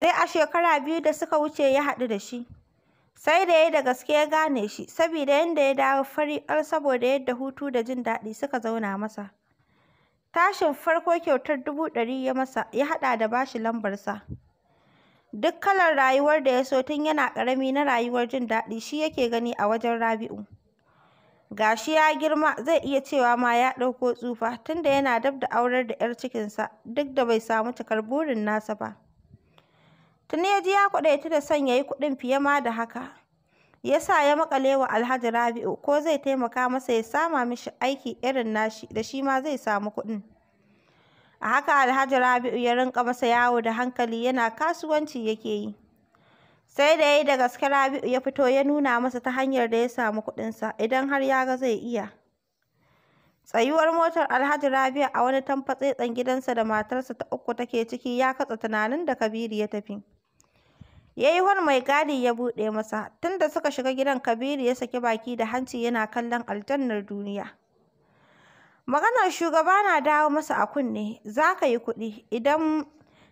Sai a shekara biyu da suka wuce ya haɗu da shi. Sai da ya da gaske ya gane shi, saboda yadda ya dawo fari ƙal saboda yadda hutu da jin daɗi suka zauna masa. Tashin farko kyautar dubu ɗari ya masa, ya haɗa da ba shi lambarsa. Duk kalar rayuwar da ya so tun yana ƙarami na rayuwar jin daɗi shi yake gani a wajen Rabi'u. Ga shi ya girma zai iya cewa ma ya ɗauko tsufa tunda yana dab da aurar da 'yar cikinsa duk da bai samu cikar burin nasa ba. Tuni ya ji ya kwaɗaita da son ya yi kuɗin fiye ma da haka. Ya sa ya maƙale wa Alhaji Rabi'u ko zai taimaka masa ya sama mishi aiki irin nashi da shi ma zai samu kuɗin. A haka Alhaji Rabi'u ya rinka masa yawo da hankali yana kasuwanci yake yi. Sai da ya yi da gaske Rabi'u ya fito ya nuna masa ta hanyar da ya samu kuɗinsa idan har ya ga zai iya. Tsayuwar motar Alhaji Rabi'u a wani tanfatsetsen gidansa da matarsa ta uku take ciki ya katse tunanin da Kabiru ya tafi. Ya yi wani mai gadi ya buɗe masa. Tunda suka shiga gidan Kabiru ya saki baki da hanci yana kallon aljannar duniya. Maganar shugaba na dawo masa a kunne, za ka yi kuɗi, idan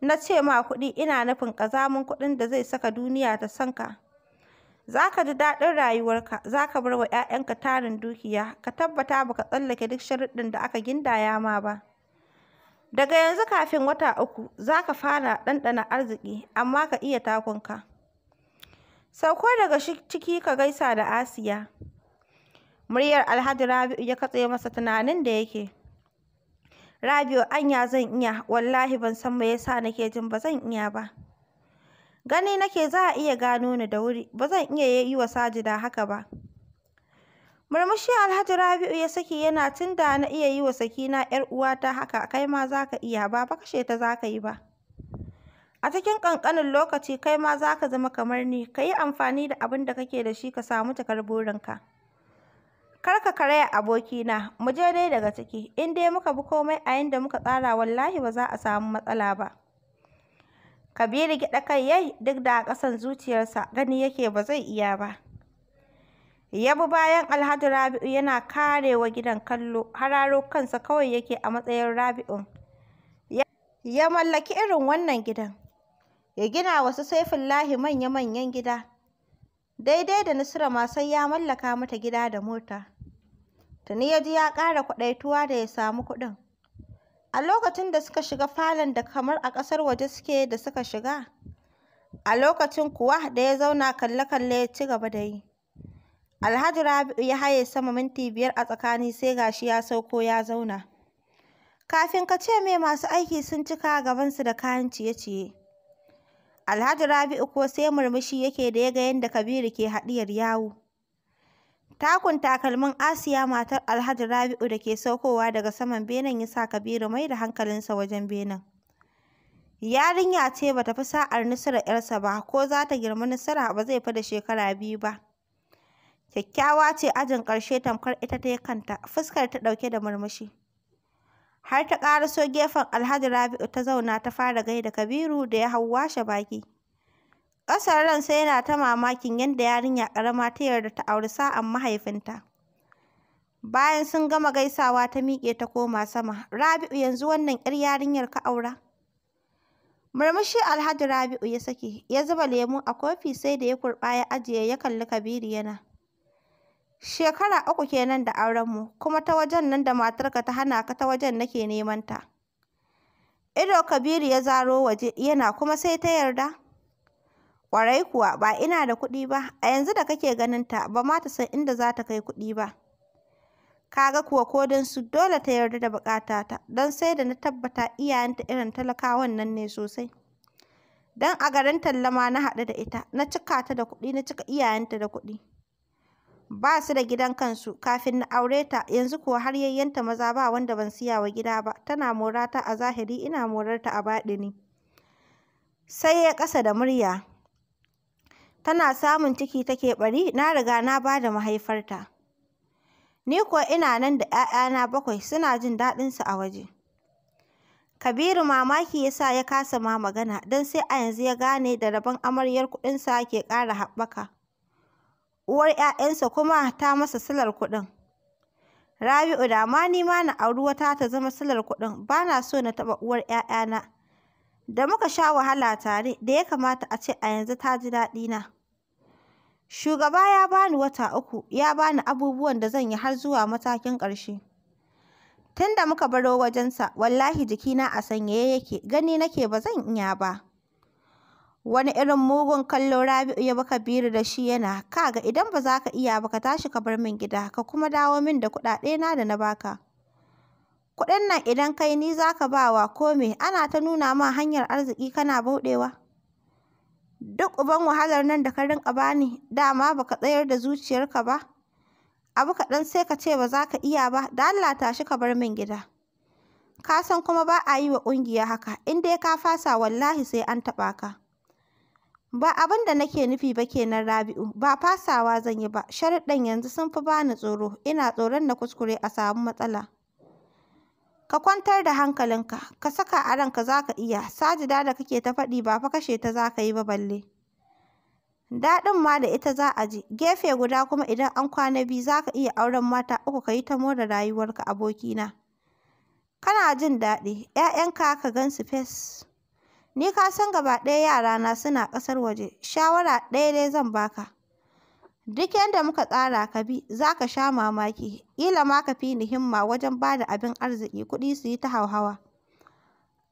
na ce ma kuɗi ina nufin ƙazamin kuɗin da zai saka duniya ta sanka Za ka ji daɗin rayuwarka, za ka bar wa ‘ya'yanka tarin dukiya, ka tabbata ba ka tsallake duk sharuɗin da aka gindaya ma ba. Daga yanzu kafin wata uku za ka fara ɗanɗana arziki amma ka iya takunka. Sauko daga ciki ka gaisa da Asiya. Muryar Alhaji Rabi'u ya katse masa tunanin da yake. Rabi'u anya zan iya wallahi ban san me yasa nake jin ba zan iya ba. Gani nake za a iya gano ni da wuri ba zan iya yi wa Sajida haka ba. Murmushi Alhaji Rabi'u ya saki yana tunda na iya yi wa Sakina ‘yar uwata haka kai ma za ka iya ba fa kashe ta za ka yi ba. A cikin ƙanƙanin lokaci kai ma za ka zama kamar ni ka yi amfani da abin da kake da shi ka samu cikar burinka. Kar ka karaya abokina mu je dai daga ciki in dai muka bi komai a yanda muka tsara wallahi ba za a samu matsala ba. Kabiru gyaɗa kai yai duk da a ƙasan zuciyarsa gani yake ba zai iya ba. ya bi bayan Alhaji Rabi'u yana karewa gidan kallo, hararo kansa kawai yake a matsayin Rabi'u. Ya mallaki irin wannan gidan, ya gina wasu lahi manya-manyan gida, daidai da Nusra ma sai ya mallaka mata gida da mota. Tuni ya ji ya ƙara kwaɗaituwa da ya samu kuɗin. A lokacin da suka shiga falon da kamar a ƙasar waje suke da suka shiga, a lokacin kuwa da ya zauna kalle-kalle ya ci gaba da yi. Alhaji Rabi'u ya haye sama minti biyar a tsakani sai gashi ya sauko ya zauna. Kafin ka ce me masu aiki sun cika gabansu da kayan ciye-ciye. Alhaji Rabi'u ko sai murmushi yake da ya ga yadda Kabiru ke haɗiyar yawo. Takun takalmin Asiya matar Alhaji Rabi'u da ke saukowa daga saman benen ya sa Kabiru mai da hankalinsa wajen benen. Yarinya ce bata fi sa'ar Nusra 'yarsa ba ko za ta girma nasara ba zai fi da shekara biyu ba. Kyakkyawa ce ajin ƙarshe tamkar ita ta kanta, fuskar ta ɗauke da murmushi. Har ta so gefen Alhaji Rabi'u ta zauna ta fara gaida Kabiru da ya hau washe baki. Ƙasar ran sai yana ta mamakin yadda yarinya ƙarama ta yarda ta auri sa'an mahaifinta. Bayan sun gama gaisawa ta miƙe ta koma sama. Rabi'u yanzu wannan 'yar yarinyar ka aura? Murmushi Alhaji Rabi'u ya sake ya zuba lemu a kofi sai da ya kurɓa ya ajiye ya kalli Kabiru yana. Shekara uku kenan da aurenmu, kuma ta wajen nan da matarka ta hana ka ta wajen nake neman ta. Ido Kabiru ya zaro waje yana kuma sai ta yarda. Ƙwarai kuwa ba ina da kuɗi ba, a yanzu da kake ganin ta ba ma ta san inda za ta kai kuɗi ba. Ka ga kuwa ko don su dole ta yarda da ta, don sai da na tabbata iyayenta irin talakawan nan ne sosai. Don a garin tallama na haɗu da ita, na cika ta da kuɗi, na cika iyayenta da kuɗi. ba su da gidan kansu kafin na aure ta yanzu kuwa har yayyanta maza ba wanda ban siya wa gida ba tana morata a zahiri ina morarta a baɗi baɗini sai ya ƙasa da murya tana samun ciki take ɓari na riga na ba da mahaifarta ni kuwa ina nan da 'ya'yana bakwai suna jin daɗinsu a waje kabiru mamaki ya sa ya kasa ma magana don sai a yanzu ya gane da rabon amaryar kuɗinsa ke ƙara haɓaka uwar 'ya'yansa kuma ta masa silar kuɗin. Rabi'u da ma ni ma na auri wata ta zama silar kuɗin, ba na so na taɓa uwar 'ya'yana. Da muka sha wahala tare, da ya kamata a ce a yanzu ta ji daɗina. Shugaba ya bani wata uku, ya bani abubuwan da zan yi har zuwa matakin ƙarshe. Tun da muka baro wajensa, wallahi jikina a sanyaye yake, gani nake ba zan iya ba. Wani irin mugun kallo Rabi'u ya bi Kabiru da shi yana, 'Ka ga idan ba za ka iya ba ka tashi ka bar min gida ka kuma dawo min da kuɗaɗe na da na baka. Kuɗin nan idan kai ni za ka ba wa ko me ana ta nuna ma hanyar arziki kana bauɗewa. Duk uban wahalar nan da ka rinƙa bani dama ba ka tsayar da zuciyarka ba. Abu kaɗan sai ka ce ba za ka iya ba da Allah tashi ka bar min gida. Ka san kuma ba a yi wa ƙungiya haka in dai ka fasa wallahi sai an taɓa ka. Ba abin da nake nufi ba kenan Rabi'u, ba fasawa zan yi ba, sharuɗan yanzu sun fi bani tsoro, ina tsoron na kuskure a samu matsala. Ka kwantar da hankalinka, ka saka a ranka za ka iya, sajida da kake ta faɗi ba fa kashe ta za ka yi ba balle. Daɗin ma da ita za a ji, gefe guda kuma idan an kwana biyu za ka iya auren mata uku ka yi ta more rayuwarka abokina. Kana jin daɗi, ‘ya'yanka ka gan su fes. Ni ka san gaba ɗaya yarana suna ƙasar waje, shawara ɗaya dai zan baka. Duk yadda muka tsara ka bi, za ka sha mamaki, ƙila ma ka fi ni himma wajen ba da abin arziki kuɗi su yi ta hauhawa.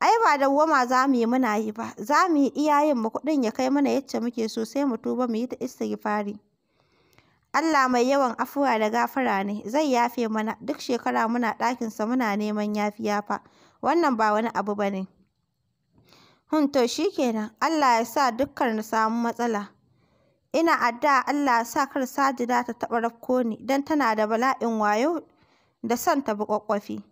Ai ba dawwama za mu yi muna yi ba, za mu yi iya mu kuɗin ya kai mana yacce muke so sai mu tuba mu yi ta istighfari. Allah mai yawan afuwa da gafara ne, zai yafe mana, duk shekara muna ɗakinsa muna neman yafiya fa, wannan ba wani abu ba ne. Hun to shi kenan, Allah ya sa dukkan na samu matsala. Ina addu'a Allah ya sa kar Sajida ta taba rafko ni don tana da bala'in wayo da son ta bukwakwafi.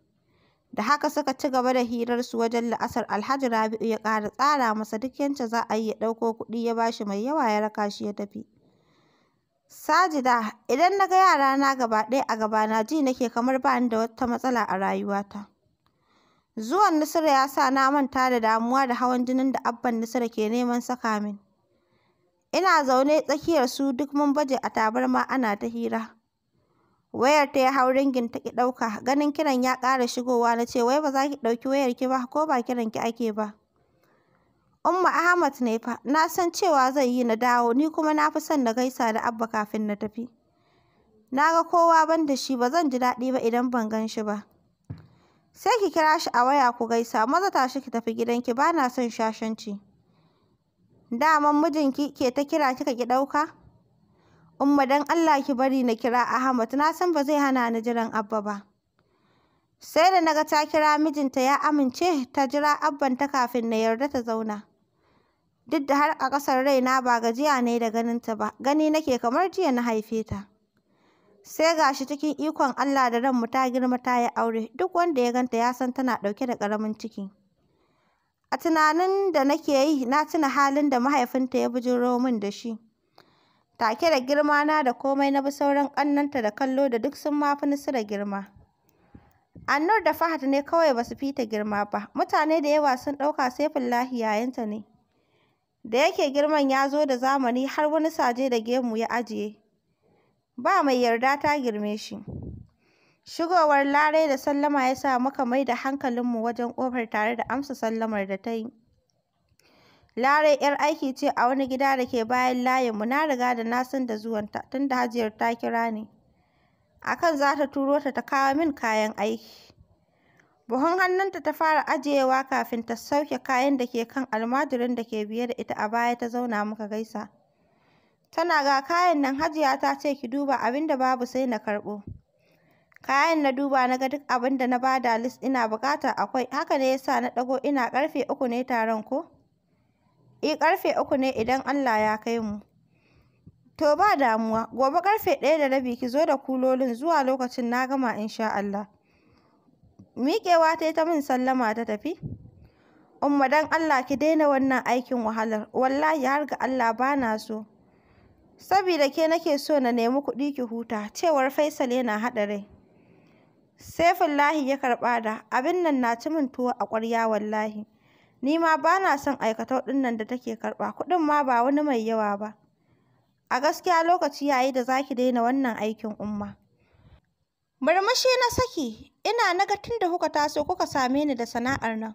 Da haka suka ci gaba da hirar su wajen la'asar Alhaji Rabi'u ya ƙara tsara masa duk yanta za a yi ya ɗauko kuɗi ya bashi mai yawa ya raka shi ya tafi. Sajida, idan na ga na gaba ɗaya a gabana ji nake kamar bani da wata matsala a rayuwata. Zuwan Nusra ya sa na manta da damuwa da hawan jinin da abban Nusra ke neman saka min. Ina zaune tsakiyar su duk mun baje a tabarma ana ta hira. Wayar ta ya hau ringin ta ki ɗauka, ganin kiran ya ƙara shigowa na ce wai ba za ki ɗauki wayar ki ba ko ba kiran ki ake ba. Umma Ahmad ne fa, na san cewa zai yi na dawo, ni kuma na fi son na gaisa da Abba kafin na tafi. Na ga kowa ban da shi ba zan ji daɗi ba idan ban gan shi ba. sai ki kira shi a waya ku gaisa maza ta shi ki tafi gidanki ba na son shashanci daman mijinki ke ta kira kika ki ɗauka umma dan allah ki bari na kira ahmad na san ba zai hana ni jiran abba ba sai da naga ta kira mijinta ya amince ta jira abban ta kafin na yarda ta zauna duk da har a ƙasar raina ba gajiya ne da ganinta ba gani nake kamar jiya na haife ta Sai ga shi cikin ikon Allah da ran mu ta girma ta yi aure, duk wanda ya ganta ya san tana ɗauke da ƙaramin ciki. A tunanin da nake yi, na tuna halin da mahaifinta ya bujuro min da shi. Take da girma na da komai na bi sauran ƙannanta da kallo da duk sun mafi nisira girma. Annur da Fahad ne kawai ba su fita girma ba, mutane da yawa sun ɗauka Saifullahi yayanta ne. Da yake girman ya zo da zamani har wani saje da gemu ya ajiye. ba mai yarda ta girme shi. Shigowar Larai da sallama ya sa muka mai da hankalinmu wajen ƙofar tare da amsa sallamar da ta yi. Larai 'yar aiki ce a wani gida da ke bayan layinmu na riga da na da zuwanta tun da Hajiyar ta kira ni. Akan za ta turo ta ta kawo min kayan aiki. Buhun hannunta ta fara ajiyewa kafin ta sauke kayan da ke kan almajirin da ke biye da ita a baya ta zauna muka gaisa. Tana ga kayan nan Hajiya ta ce ki duba abin da babu sai na karɓo. Kayan na duba na ga duk abin da na bada list ina bukata akwai haka ne yasa na ɗago ina karfe uku ne taron ko? Eh ƙarfe uku ne idan Allah ya kai mu. To ba damuwa gobe karfe ɗaya da rabi ki zo da kulolin zuwa lokacin na gama insha Allah. Miƙewa ta ta min sallama ta tafi. Umma dan Allah ki daina wannan aikin wahalar wallahi har ga Allah bana so. Sabida ke nake so na nemi kuɗi ki huta, cewar Faisal yana haɗa rai. Saifullahi ya karɓa da, abin nan na ci min tuwo a ƙwarya wallahi. Ni ma ba na son aikatau ɗin nan da take karɓa, kuɗin ma ba wani mai yawa ba. A gaskiya lokaci ya yi da za ki daina wannan aikin Umma. Murmushi na saki, ina na ga tun da kuka taso kuka same ni da sana'ar nan.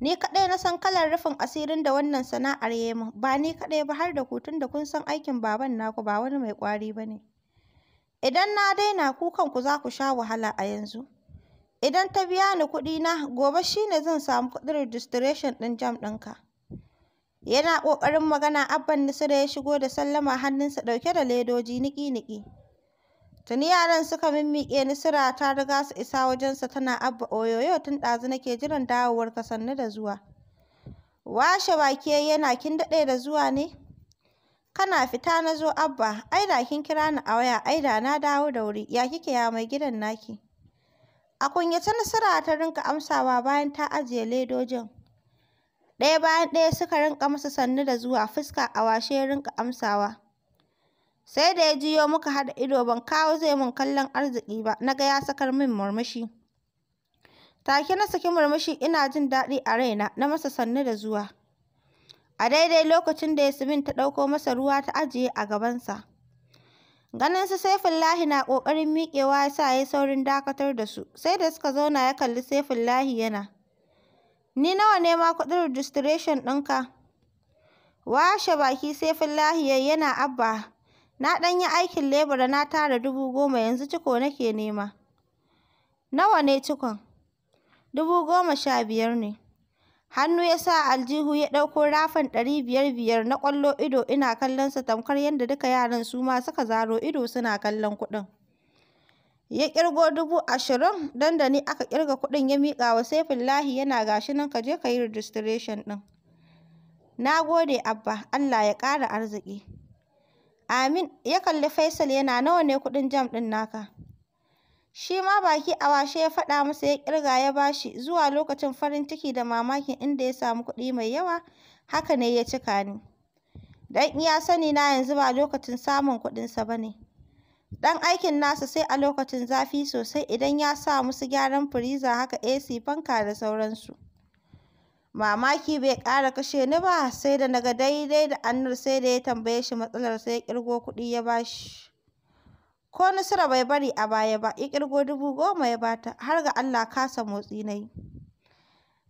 Ni kaɗai na san kalar rufin asirin da wannan sana'ar ya min, ba ni kaɗai ba har da ku da kun san aikin baban naku ba wani mai ƙwari ba ne. Idan na daina ku kanku za ku sha wahala a yanzu. Idan ta biya ni kuɗi na, gobe shi ne zan samu kuɗin registration ɗin jam ɗinka. Yana ƙoƙarin magana Abban Nusra ya shigo da sallama hannunsa ɗauke da ledoji niƙi-niƙi. Tuni yaran suka mimmiƙe ni sira ta riga su isa wajensa tana abba oyoyo tun ɗazu nake jiran dawowarka sannu da zuwa. Washe wake yana kin daɗe da zuwa ne? Kana fita na zo abba, ai da kin kira ni a waya ai da na dawo da wuri, ya kike ya mai gidan naki? A kunyace Nasira ta rinka amsawa bayan ta ajiye ledojin. Ɗaya bayan ɗaya suka rinka masa sannu da zuwa fuska a washe ya rinka amsawa. Sai da ya jiyo muka haɗa ido ban kawo zai mun kallon arziki ba, na ga ya sakar min murmushi. Take na saki murmushi ina jin daɗi a raina, na masa sannu da zuwa. A daidai lokacin da Yasmin ta ɗauko masa ruwa ta ajiye a gabansa. Ganin su Saifullahi na ƙoƙarin miƙewa ya sa ya saurin dakatar da su, sai da suka zauna ya kalli Saifullahi yana. Ni nawa ne ma kuɗin registration ɗinka? Washe baki Saifullahi yayi yana abba. Na ɗan yi aikin lebura na tara dubu goma yanzu ciko nake nema. Nawa ne cikon? Dubu goma sha biyar ne. Hannu ya sa aljihu ya ɗauko rafin ɗari biyar biyar na ƙwallo ido ina kallonsa tamkar yadda duka yaran su ma suka zaro ido suna kallon kuɗin. Ya ƙirgo dubu ashirin don da ni aka ƙirga kuɗin ya miƙa wa lahi yana gashi nan ka je ka yi registration ɗin. Na gode Abba, Allah ya ƙara arziki. Amin ya kalli Faisal yana nawa ne kuɗin jam ɗin naka. Shi ma baki a washe ya faɗa masa ya kirga ya bashi zuwa lokacin farin ciki da mamakin inda ya samu kuɗi mai yawa haka ne ya cika ni. Dan iya sani na yanzu ba lokacin samun kuɗinsa ba ne. Dan aikin nasa sai a lokacin zafi sosai idan ya sa musu gyaran firiza haka AC fanka da sauransu. Mamaki bai ƙara kashe ni ba sai da naga daidai da annar sai da ya tambaye shi matsalar sai ya ƙirgo kuɗi ya bashi. Ko nasara bai bari a baya ba ya ƙirgo dubu goma ya bata har ga Allah kasa motsi na yi.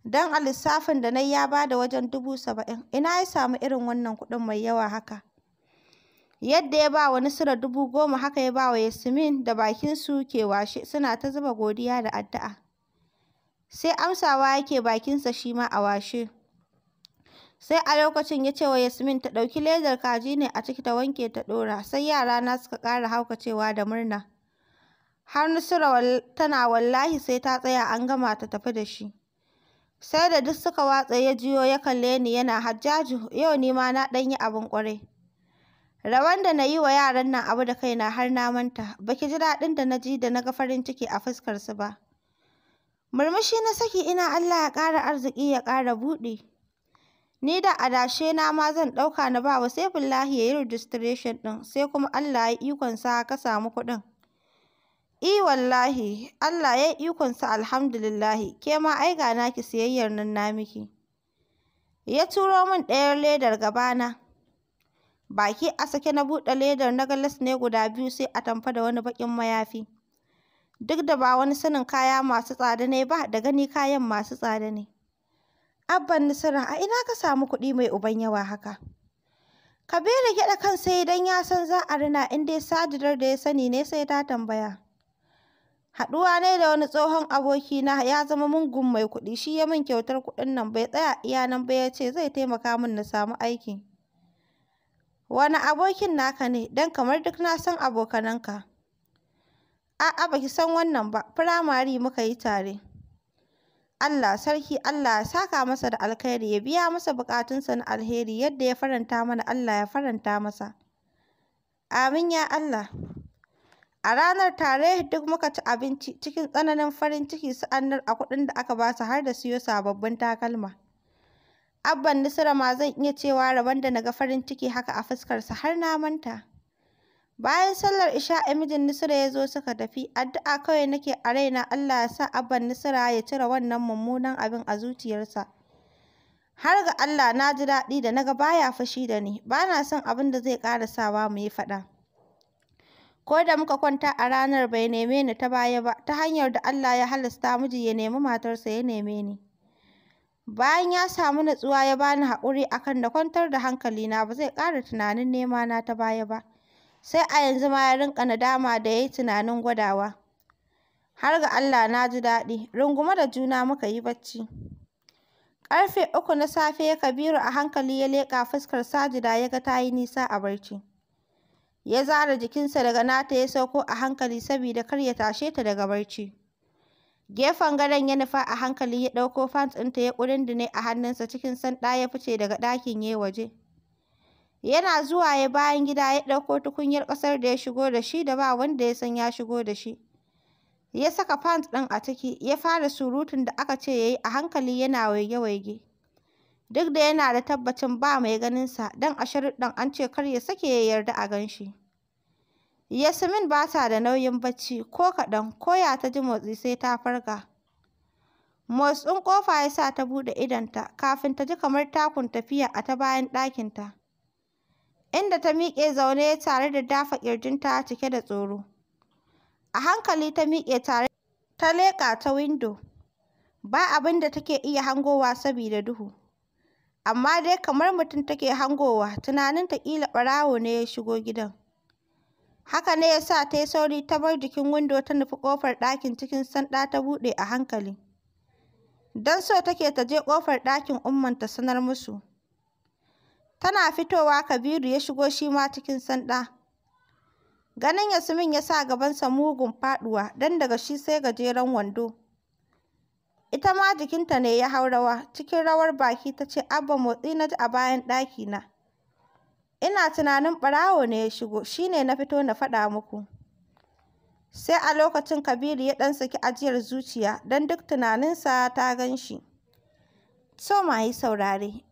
Don a lissafin da na ya ya bada wajen dubu saba'in ina ya samu irin wannan kuɗin mai yawa haka. Yadda ya ba wa nasara dubu goma haka ya ba wa Yasmin da bakinsu ke washe suna ta zuba godiya da addu'a. sai amsawa yake bakinsa shi ma a washe. Sai a lokacin ya ce wa Yasmin ta ɗauki ledar kaji ne a ciki ta wanke ta ɗora, sai yara na suka ƙara haukacewa da murna. Har nusura tana wallahi sai ta tsaya an gama ta tafi da shi. Sai da duk suka watsa ya jiyo ya kalle ni yana hajjaju yau ni ma na ɗan yi abin ƙwarai. Rawan da na yi wa yaran nan abu da kaina har na manta, baki ji daɗin da na ji da na ga farin ciki a fuskarsu ba. Murmushi na saki ina Allah ya ƙara arziki ya ƙara buɗe. Ni da adashe na ma zan ɗauka na ba wa Saifullahi ya yi registration ɗin sai kuma Allah ya yi ikonsa ka samu kuɗin. I wallahi Allah ya yi ikonsa alhamdulillahi ke ma ai ga naki siyayyar nan na miki. Ya turo min ɗayar ledar gabana. Baki a sake na buɗe ledar na ga ne guda biyu sai a tamfa da wani baƙin mayafi. duk da ba wani sanin kaya masu tsada ne ba da gani kayan masu tsada ne abban nasirin a ina ka samu kuɗi mai uban yawa haka kabiru gyaɗa kan sai idan ya san za a rina in dai sajidar da ya sani ne sai ta tambaya haɗuwa ne da wani tsohon aboki na ya zama mungun mai kuɗi shi ya min kyautar kuɗin nan bai tsaya iya nan ba ya ce zai taimaka min na samu aiki wani abokin naka ne don kamar duk na san abokananka A'a baki san wannan ba, firamare muka yi tare. Allah sarki Allah ya saka masa da alkhairi ya biya masa bukatunsa na alheri yadda ya faranta mana Allah ya faranta masa. Amin ya Allah. A ranar tare duk muka ci abinci cikin tsananin farin ciki su annar a kuɗin da aka ba har da siyo sababbin takalma. Abban Nusra ma zan iya cewa rabon da naga farin ciki haka a fuskarsa har na manta. Bayan sallar isha'i mijin Nusra ya zo suka tafi, addu'a kawai nake a raina Allah ya sa abban Nusra ya cire wannan mummunan abin a zuciyarsa. Har ga Allah na ji daɗi da naga baya fashi da ni, ba na son abin da zai ƙara sawa mu yi faɗa. Ko da muka kwanta a ranar bai neme ni ta baya ba, ta hanyar da Allah ya halasta miji ya nemi matarsa ya neme ni. Bayan ya samu natsuwa ya bani haƙuri akan da kwantar da hankalina ba zai ƙara tunanin nema na ta baya ba. sai a yanzu ma ya rinka nadama da ya yi tunanin gwadawa. Har ga Allah na ji daɗi, runguma da juna muka yi bacci. Ƙarfe uku na safe Kabiru a hankali ya leƙa fuskar Sajida ya ga ta yi nisa a barci. Ya zara jikinsa daga nata ya sauko a hankali saboda kar ya tashe ta daga barci. Gefen gadon ya nufa a hankali ya ɗauko fans ɗinta ya ne a hannunsa cikin sanɗa ya fice daga ɗakin ya waje. Yana zuwa ya bayan gida ya ɗauko tukunyar ƙasar da ya shigo da shi da ba wanda ya san ya shigo da shi. Ya saka pants ɗin a ciki, ya fara surutun da aka ce ya yi a hankali yana waige-waige. Duk da yana da tabbacin ba mai ganinsa, don a sharuɗin an ce kar ya sake ya yarda a gan shi. Yasmin ba ta da nauyin bacci ko kaɗan, ko ya ta ji motsi sai ta farga. Motsin ƙofa ya sa ta buɗe idonta, kafin ta ji kamar takun tafiya a ta bayan ɗakinta. inda ta miƙe zaune tare da dafa ƙirjinta cike da tsoro. A hankali ta miƙe tare ta leƙa ta windo. Ba abin da take iya hangowa sabida duhu. Amma dai kamar mutum take hangowa, tunanin ta ƙila ɓarawo ne ya shigo gidan. Haka ne ya sa ta yi sauri ta bar jikin windo ta nufi ƙofar ɗakin cikin sanda ta buɗe a hankali. Don so take ta je ƙofar ɗakin ummanta sanar musu. Tana fitowa Kabiru ya shigo shi ma cikin sanda. Ganin Yasmin ya sa gabansa mugun faɗuwa dan daga shi sai gajeren wando. Ita ma jikinta ne ya hau rawa, cikin rawar baki ta ce, Abba motsi na ji a bayan ɗakina. Ina tunanin ɓarawo ne ya shigo, shi ne na fito na faɗa muku. Sai a lokacin Kabiru ya ɗan saki ajiyar zuciya, dan duk tunaninsa ta gan shi. So ma yi saurare.